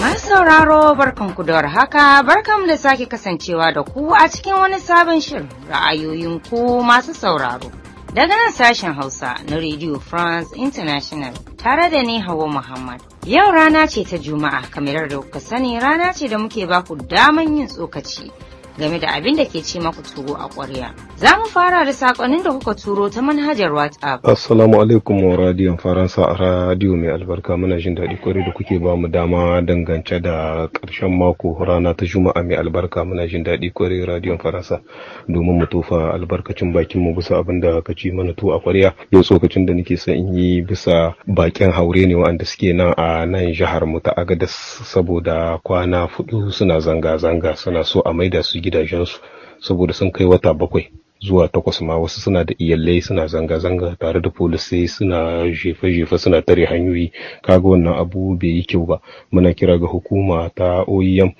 Masu sauraro barkanku da warhaka barkanmu da sake kasancewa da ku a cikin wani sabon shirin ra'ayoyin ku masu sauraro. Daga nan sashen Hausa na Radio France International tare da ni Hawa Muhammad. Yau rana ce ta Juma'a kamar da kuka sani rana ce da muke baku daman yin tsokaci game da abin da ke ci maku turo a ƙwarya. Za mu fara da sakonin da kuka turo ta manhajar WhatsApp. Assalamu alaikum wa radiyon Faransa A radiyo mai albarka muna jin daɗi kwarai da kuke ba mu dama dangance da ƙarshen mako rana ta Juma'a mai albarka muna jin daɗi kwarai radiyon Faransa domin mu tofa albarkacin bakin mu bisa abin da ka ci mana tuwo a ƙwarya. Yau tsokacin da nake son in yi bisa bakin haure ne wa'anda suke nan a nan jihar mu ta Agadas saboda kwana fudu suna zanga-zanga suna so a maida su gidajensu saboda sun kai wata bakwai zuwa takwas ma wasu suna da iyalai suna zanga-zanga tare da polisai suna jefe-jefe suna tare hanyoyi kaga wannan abu bai yi kyau ba muna kira ga hukuma ta oem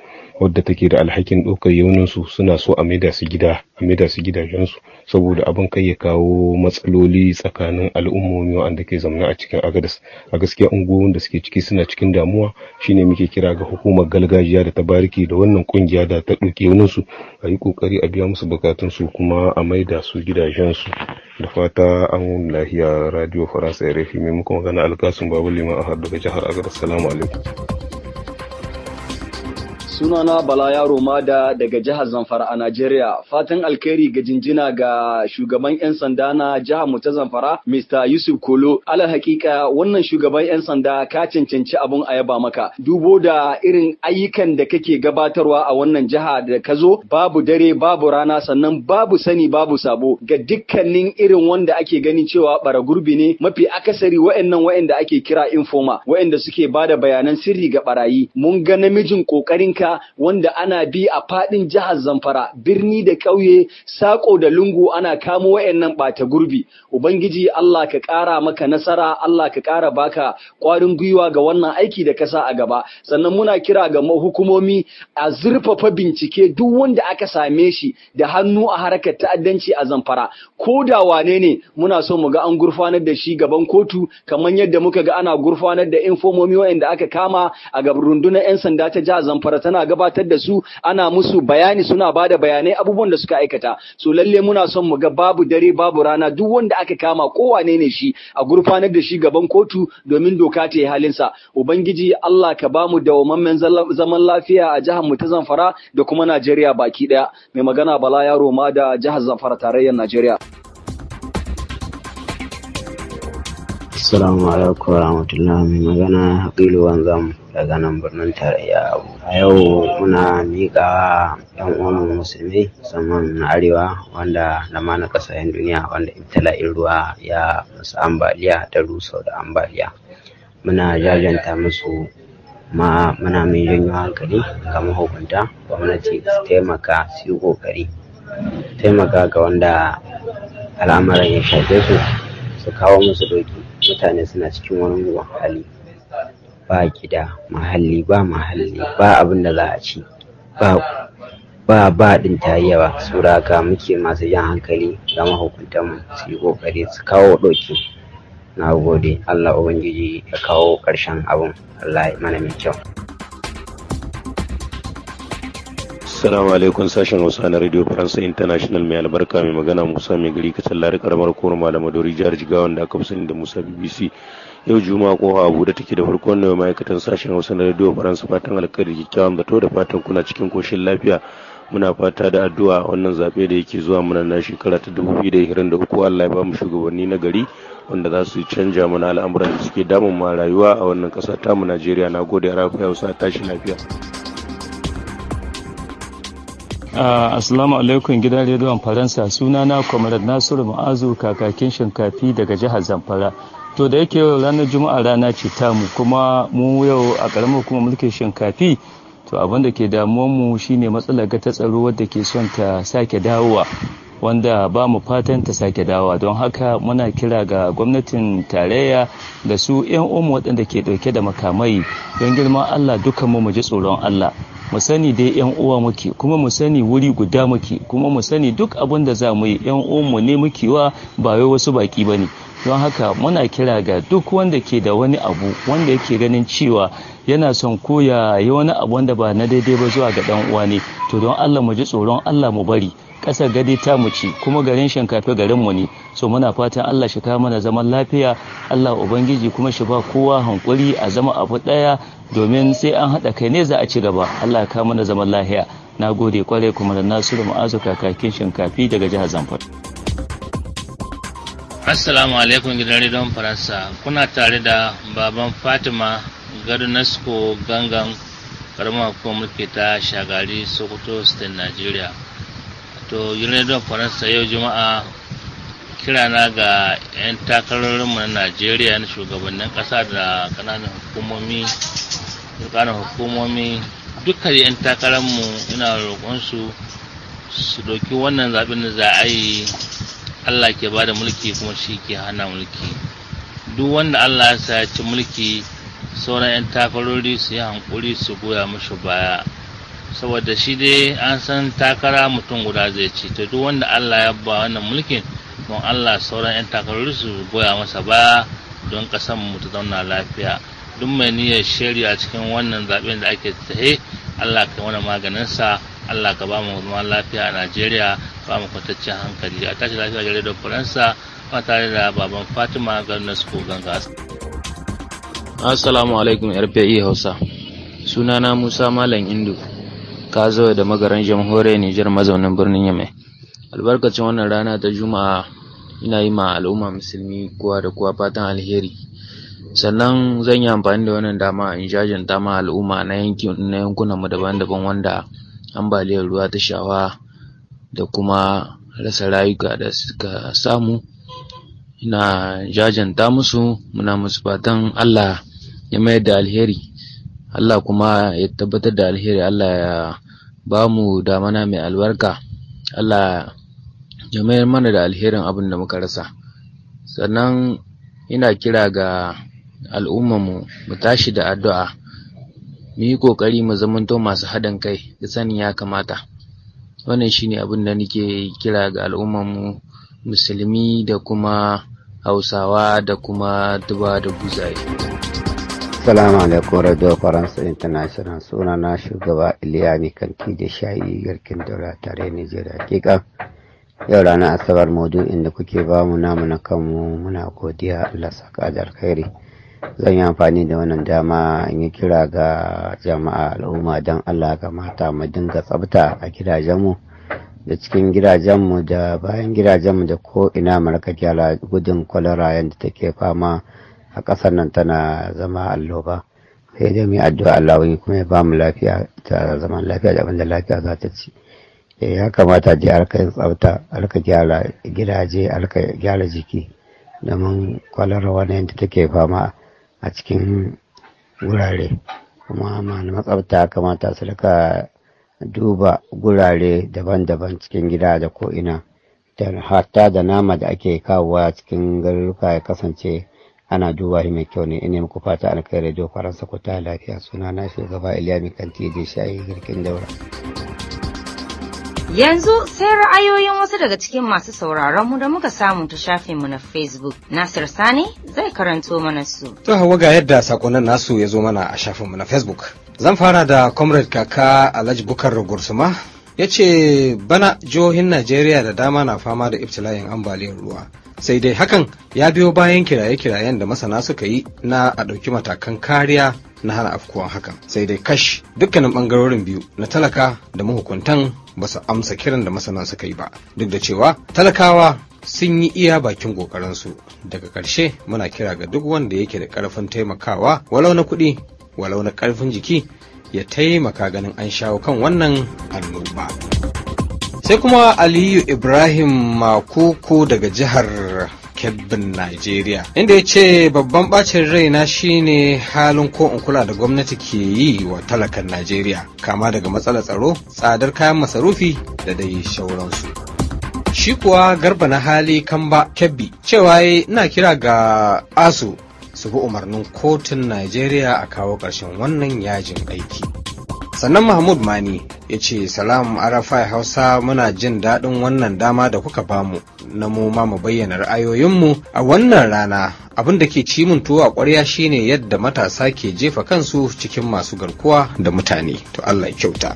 wadda take da alhakin ɗaukar yauninsu suna so a maida su gida a maida su gidajensu saboda abin kai ya kawo matsaloli tsakanin al'ummomi wanda ke zamana a cikin agadas a gaskiya unguwoyin da suke ciki suna cikin damuwa shine muke kira ga hukumar gargajiya da ta bariki da wannan kungiya da ta ɗauki yauninsu a yi ƙoƙari a biya musu bukatunsu kuma a maida su gidajensu da fata an lahiya radio faransa ya rafi maimakon magana alkasun babu liman a daga jihar agadas salamu alaikum Sunana Bala Yaro Mada daga jihar Zamfara a Najeriya. Fatan alkhairi ga jinjina ga shugaban 'yan sanda na jihar mu ta Zamfara, Mr. Yusuf Kolo. ala hakika wannan shugaban 'yan sanda ka cancanci abun a yaba maka. Dubo da irin ayyukan da kake gabatarwa a wannan jiha da ka zo, babu dare, babu rana, sannan babu sani, babu sabo. Ga dukkanin irin wanda ake ganin cewa bara gurbi ne, mafi akasari wa'annan wa'anda ake kira informa, wa'anda suke bada bayanan sirri ga barayi. Mun ga namijin kokarinka haka wanda ana bi a fadin jihar Zamfara birni da ƙauye sako da lungu ana kamo wayannan bata gurbi ubangiji Allah ka kara maka nasara Allah ka ƙara baka ƙwarin gwiwa ga wannan aiki da kasa a gaba sannan muna kira ga hukumomi a zurfafa bincike duk wanda aka same shi da hannu a harkar ta'addanci a Zamfara ko da wane ne muna so mu ga an gurfanar da shi gaban kotu kamar yadda muka ga ana gurfanar da informomi wayanda aka kama a gaban rundunar 'yan sanda ta jihar Zamfara tana ana gabatar da su ana musu bayani suna ba da bayanai abubuwan da suka aikata so lalle muna son mu ga babu dare babu rana duk wanda aka kama kowane ne shi a gurfanar da shi gaban kotu domin doka ta yi halinsa ubangiji Allah ka ba mu dawamammen zaman lafiya a jihar mu ta Zamfara da kuma Najeriya baki daya mai magana Bala Yaro ma da jihar Zamfara tarayyar Najeriya Assalamu alaikum warahmatullahi mai magana Hakilu Wanzam daga nan birnin tarayya A yau muna miƙa yan uwan musulmi musamman na arewa wanda da ma na ƙasashen duniya wanda ibtila'in ruwa ya musu ambaliya da rusa da ambaliya. Muna jajanta musu ma muna mai janyo hankali ga mahukunta gwamnati su taimaka su yi ƙoƙari taimaka ga wanda al'amuran ya shafe su su kawo musu doki mutane suna cikin wani ruwan hali ba gida mahalli ba mahalli ba abin da za a ci ba ba ba din ta yi yawa sura muke masu jan hankali ga mahukuntan mu su yi kokari su kawo ɗauki na gode allah ubangiji ya kawo ƙarshen abin allah mana mai kyau Assalamu alaikum sashen Hausa na Radio France International mai albarka mai magana Musa mai gari ka tallari karamar koro malama Dori jihar Jigawan da aka fi sani da Musa BBC. Yau Juma'a ko Abu da take da farkon nawa ma'aikatan sashen Hausa na Radio France fatan alkhairi kyakkyawan zato da fatan kuna cikin koshin lafiya. Muna fata da addu'a wannan zaɓe da yake zuwa mana na shekara ta uku Allah ya ba mu shugabanni na gari wanda za su canja mana al'amuran da suke damun ma rayuwa a wannan ƙasa mu Najeriya. Na gode a Hausa tashi lafiya. Uh, asalamu alaikum gidan rediyon Faransa sunana Comrade Nasiru Ma'azu kakakin shinkafi daga jihar Zamfara. To da yake yau ranar Juma'a rana ce tamu kuma mu yau a ƙaramar kuma mulkin shinkafi to abin da ke damuwar mu shine matsalar ga ta tsaro wadda ke son ta sake dawowa wanda ba mu fatan ta sake dawa don haka muna kira ga gwamnatin tarayya da su 'yan umu waɗanda ke ɗauke da makamai don girman allah dukan mu ji tsoron allah mu sani dai yan uwa muke kuma mu sani wuri guda muke kuma mu sani duk abin da za mu yi yan umu ne muke wa ba wai wasu baki bane don haka muna kira ga duk wanda ke da wani abu wanda yake ganin cewa yana son koya yi wani abu wanda ba na daidai ba zuwa ga dan uwa ne to don Allah mu ji tsoron Allah mu bari kasar gadi ta mu ci kuma garin shinkafa garin mu ne so muna fatan Allah shi kawo mana zaman lafiya Allah ubangiji kuma shi ba kowa hankuri a zama abu daya domin sai an hada kai ne za a ci gaba Allah ya kawo mana zaman lafiya na gode kwarai kuma da nasiru ma'azu kakakin shinkafi daga jihar zamfara assalamu alaikum gidan rediyon faransa kuna tare da baban fatima garnasko gangan karamar mafita mulki ta shagari sokoto state nigeria to of faransa yau juma'a kirana ga 'yan takararmu na najeriya na shugabannin kasa da kananan hukumomi kananan hukumomi dukkan 'yan takararmu ina roƙonsu su ɗauki wannan zaɓen da za a yi allah ke ba da mulki kuma shi ke hana mulki duk wanda allah ya sa ci mulki sauran 'yan takarori su yi hankuri su goya mashi baya saboda shi dai an san takara mutum guda zai ci to duk wanda allah ya ba wannan mulkin don allah sauran 'yan takarar su goya masa ba don kasan mu ta zauna lafiya duk mai niyyar shari a cikin wannan zaben da ake tahe allah ka wani maganin sa, allah ka ba mu zaman lafiya a najeriya ba mu hankali a tashi lafiya gare da faransa ba tare da baban fatima ganin su ganga assalamu alaikum rpe hausa sunana musa malam Indu. Kazo da magaran jamhuriyar Nijar mazaunin birnin Yamai. Albarkacin wannan rana ta Juma'a ina yi ma al'umma musulmi kowa da kowa fatan alheri. Sannan zan yi amfani da wannan dama in jajanta ma al'umma na yankin na yankunan mu daban-daban wanda ambaliyar ruwa ta shawa da kuma rasa rayuka da suka samu. Ina jajanta musu muna musu fatan Allah ya mayar da alheri. Allah kuma ya tabbatar da alheri Allah ya ba mu damana mai albarka Allah ya mayar mana da alherin abin da muka rasa sannan ina kira ga al'ummar mu tashi da addu'a mu yi ƙoƙari mu zamanto masu haɗin kai da sanin ya kamata wannan shine abin da nake kira ga al'ummanmu musulmi da kuma hausawa da kuma tuba da buzaye. Assalamu alaikum Radio faransa International suna na shugaba Iliya Kanti da shayi garkin daura tare Nijeriya hakika yau ranar asabar modu inda kuke ba mu namu na kanmu muna godiya Allah saka da alkhairi zan yi amfani da wannan dama in yi kira ga jama'a al'umma don Allah ga mata mu dinga tsabta a gidajenmu da cikin gidajenmu da bayan gidajenmu da ko ina mu gyara gudun kwalara yadda take fama a ƙasar nan tana zama alloba sai dai mai addu'a Allah kuma ya ba mu lafiya ta zaman lafiya da abinda lafiya za ta ci eh, ya kamata je alka yin tsafta alka gyara gidaje alka gyara jiki domin kwalara wani da take fama a cikin wurare kuma malaman tsafta kamata su rika duba gurare daban-daban cikin gida da ko'ina hatta da nama da ake kawowa cikin garuruka ya kasance ana duba shi mai kyau ne ina muku fata alkhairi rediyo faransa ku ta lafiya suna na shugaba iliya mai kanti da shayi girkin daura Yanzu sai ra'ayoyin wasu daga cikin masu sauraron mu da muka samu ta shafin mu na Facebook. Nasir Sani zai karanto mana su. To hawa ga yadda sakonnin nasu ya zo mana a shafin mu na Facebook. Zan fara da Comrade Kaka Alhaji Bukar Gursuma ya ce bana jihohin najeriya da dama na fama da ibtila'in ambaliyar ruwa sai dai hakan ya biyo bayan kiraye-kirayen da masana suka yi na a ɗauki matakan kariya na hana afkuwan hakan sai dai kash dukkanin ɓangarorin biyu na talaka da mahukuntan ba su amsa kiran da masana suka yi ba duk da cewa talakawa sun yi iya bakin ƙoƙarinsu daga ƙarshe muna kira ga duk wanda yake da ƙarfin taimakawa walau na kuɗi walau na ƙarfin jiki ya taimaka ganin an shawo kan wannan annoba. Sai kuma Aliyu Ibrahim Makoko daga jihar kebbin Najeriya. Inda ya ce babban bacin raina shine halin ko in kula da gwamnati ke yi wa talakan Najeriya, kama daga matsalar tsaro, tsadar kayan masarufi da dai shauransu Shi kuwa garba na hali kamba kebbi cewa ina kira ga asu su bi umarnin kotun najeriya a kawo ƙarshen wannan yajin aiki sannan mahmud mani ya ce salam arafai hausa muna jin daɗin wannan dama da kuka bamu na mu ma mu bayyana ra'ayoyinmu a wannan rana abin da ke ci mun tuwo a ƙwarya shine yadda matasa ke jefa kansu cikin masu garkuwa da mutane to allah kyauta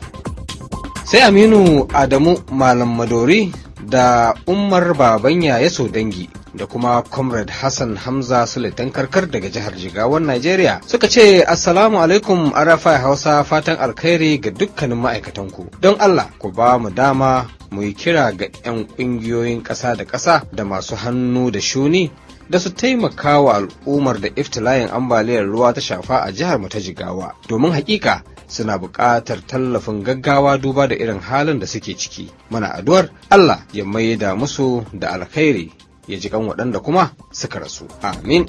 sai aminu adamu malam madori da Umar Babanya ya so dangi da kuma Comrade Hassan Hamza Sulaitan Karkar daga jihar Jigawan Najeriya suka ce Assalamu alaikum Arafa Hausa fatan alkhairi ga dukkanin ma'aikatanku. Don Allah ku ba mu dama mu yi kira ga 'yan ƙungiyoyin ƙasa da ƙasa da masu hannu da shuni da su taimaka wa al'ummar da iftilayin ambaliyar ruwa ta shafa a jihar mu ta jigawa domin hakika suna buƙatar tallafin gaggawa duba da irin halin da suke ciki muna addu'ar Allah ya maida musu da alkhairi ya ji kan waɗanda kuma suka rasu amin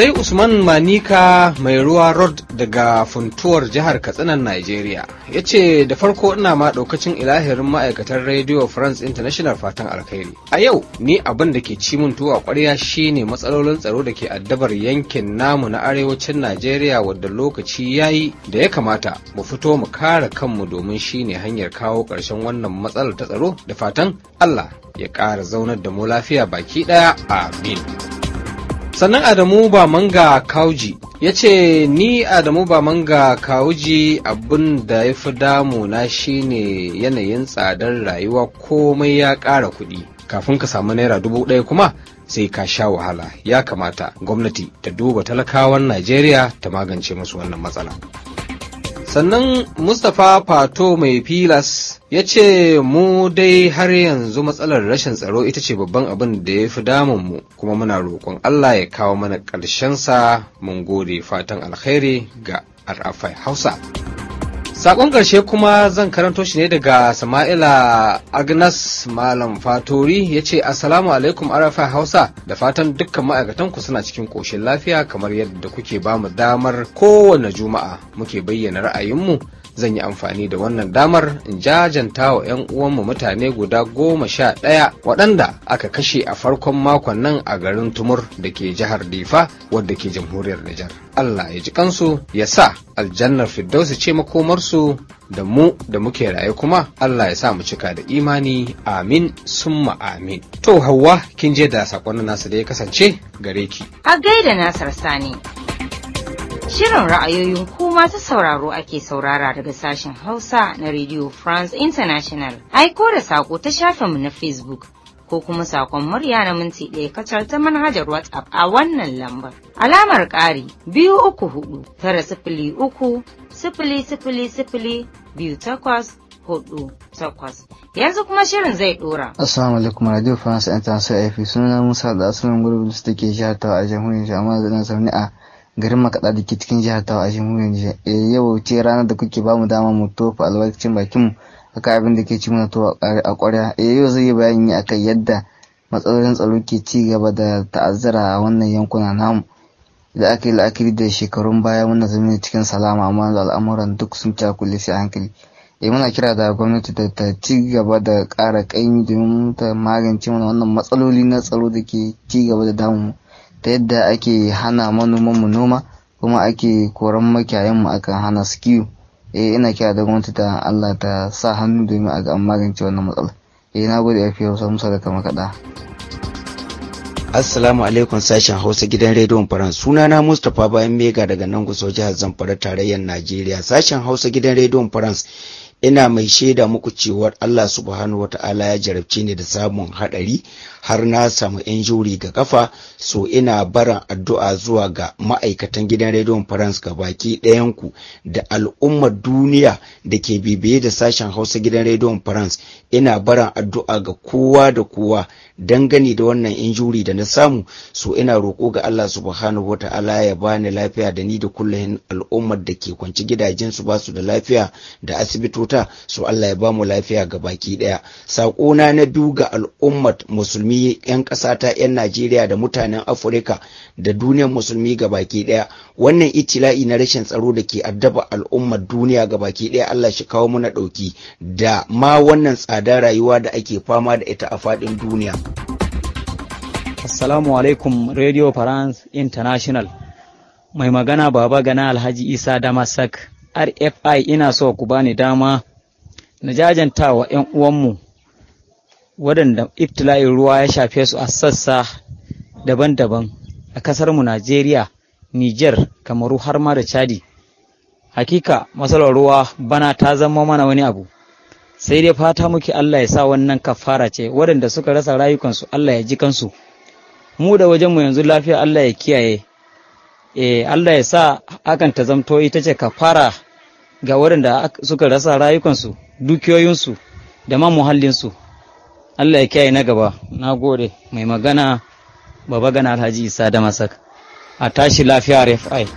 sai usman manika mai ruwa rod daga funtuwar jihar katsinan nigeria ya ce da farko ina ma daukacin ilahirin ma'aikatar radio france international fatan alkhairi a yau ni abin da ke ci mun tuwa kwarya shine matsalolin tsaro da ke addabar yankin namu na arewacin nigeria wadda lokaci ya yi da ya kamata mu fito mu kare kanmu domin shine hanyar kawo karshen wannan matsalar ta tsaro da fatan allah ya ƙara zaunar da mu lafiya baki ɗaya amin sannan adamu ba manga kauji ya ce ni adamu ba manga kauji abin da ya fi damuna shine yanayin tsadar rayuwa komai ya ƙara kuɗi kafin ka samu naira dubu ɗaya kuma sai ka sha wahala ya kamata gwamnati ta duba talakawan najeriya ta magance musu wannan matsala sannan mustapha fato mai filas ya ce mu dai har yanzu matsalar rashin tsaro ita ce babban abin da ya fi damunmu kuma muna roƙon allah ya kawo mana ƙarshensa mun gode fatan alkhairi ga arafai hausa Sakon ƙarshe kuma zan karanto shi ne daga Sama'ila Agnes Malam Fatori ya ce asalamu alaikum Arafa Hausa da fatan dukkan ma'aikatan ku suna cikin ƙoshin lafiya kamar yadda kuke ba mu damar kowane juma'a muke bayyana ra'ayinmu zan yi amfani da wannan damar in jajanta wa 'yan uwanmu mutane guda goma sha ɗaya waɗanda aka kashe a farkon makon nan a garin tumur da ke jihar difa wadda ke jamhuriyar nijar allah ya ji kansu ya sa aljannar firdausi ce makomarsu da mu da muke raye kuma Allah ya sa mu cika da imani amin summa amin to hawa kin je da sakon nasu da ya kasance gare ki a gaida nasar sani Shirin ra'ayoyin ku masu sauraro ake saurara daga sashen Hausa na Radio France International. Aiko da sako ta shafinmu na Facebook ko kuma sakon murya na minti ɗaya kacal ta manhajar WhatsApp a wannan lambar. Alamar ƙari biyu uku hudu tara sifili uku sifili sifili sifili biyu takwas hudu takwas. Yanzu kuma shirin zai ɗora. Assalamu alaikum Radio France International AFI suna Musa da asalin gurbin su take shatawa a jamhuriyar Jamhuriyar Zamani a garin makaɗa da ke cikin jihar tawa a jiya. nijar eh, yau ce ranar da kuke bamu dama mu tofa albarkacin bakin mu akan abin da ke ci muna to a ƙwarya eh, yau zai yi bayani akan yadda matsalolin tsaro ke ci gaba da ta'azzara a wannan yankuna namu da aka yi la'akari da shekarun baya muna zama cikin salama amma al'amuran duk sun cakule sai hankali e muna kira da gwamnati da ta ci gaba da ƙara ƙaimi domin ta magance mana wannan matsaloli na tsaro da ke ci gaba da damu ta yadda ake hana manoman mu noma kuma ake koran mu akan hana su kiwo eh ina kira da gwamnati ta Allah ta sa hannu domin a ga an magance wannan matsala eh na gode yafi Hausa Musa da kama kada Assalamu alaikum sashen Hausa gidan rediyon Faran sunana Mustapha Bayan Mega daga nan guso jihar Zamfara tarayyar Najeriya sashen Hausa gidan rediyon France ina mai shaida muku cewar Allah subhanahu wata'ala ya jarabce ni da samun haɗari har na samu injuri ga kafa so ina baran addu'a zuwa ga ma'aikatan gidan rediyon France ga baki ɗayanku da al'ummar duniya da ke bibiye da sashen Hausa gidan rediyon France ina baran addu'a ga kowa da kowa dangane da wannan injuri da na samu so ina roƙo ga Allah subhanahu wata'ala ya bani lafiya da ni da kullum al'ummar da ke kwanci gidajensu ba su da lafiya da asibitoci wuta so Allah ya ba lafiya ga baki daya Saƙona na biyu ga al'ummar musulmi yan ƙasa ta yan Najeriya da mutanen Afirka da duniyar musulmi ga baki daya wannan itila'i na rashin tsaro da ke addaba al'ummar duniya ga baki daya Allah shi kawo muna ɗauki da ma wannan tsada rayuwa da ake fama da ita a faɗin duniya. Assalamu alaikum Radio France International. Mai magana baba gana Alhaji Isa Damasak. RFI ina so ku bani dama na jajanta wa 'yan uwanmu waɗanda iftila'in ruwa ya shafe su a sassa daban-daban a ƙasarmu Najeriya, Nijar, Kamaru har ma da Chadi. Hakika matsalar ruwa bana ta zama mana wani abu. Sai dai fata muke Allah ya sa wannan kafara ce waɗanda suka rasa rayukansu Allah ya ji kansu. Mu da wajenmu yanzu lafiya Allah ya kiyaye. Eh, Allah ya sa hakan ta zamto ita ce kafara ga waɗanda suka rasa rayukansu dukiyoyinsu da ma muhallinsu Allah ya kiyaye na gaba na gode mai magana baba gana alhaji isa da masak a tashi lafiya rfi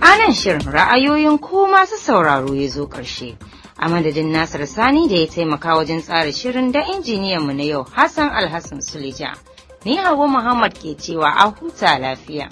anan shirin ra'ayoyin ko masu sauraro ya zo ƙarshe a madadin nasir sani da ya taimaka wajen tsara shirin da injiniyanmu na yau hassan alhassan suleja Ni hauwa Muhammad ke cewa a huta lafiya.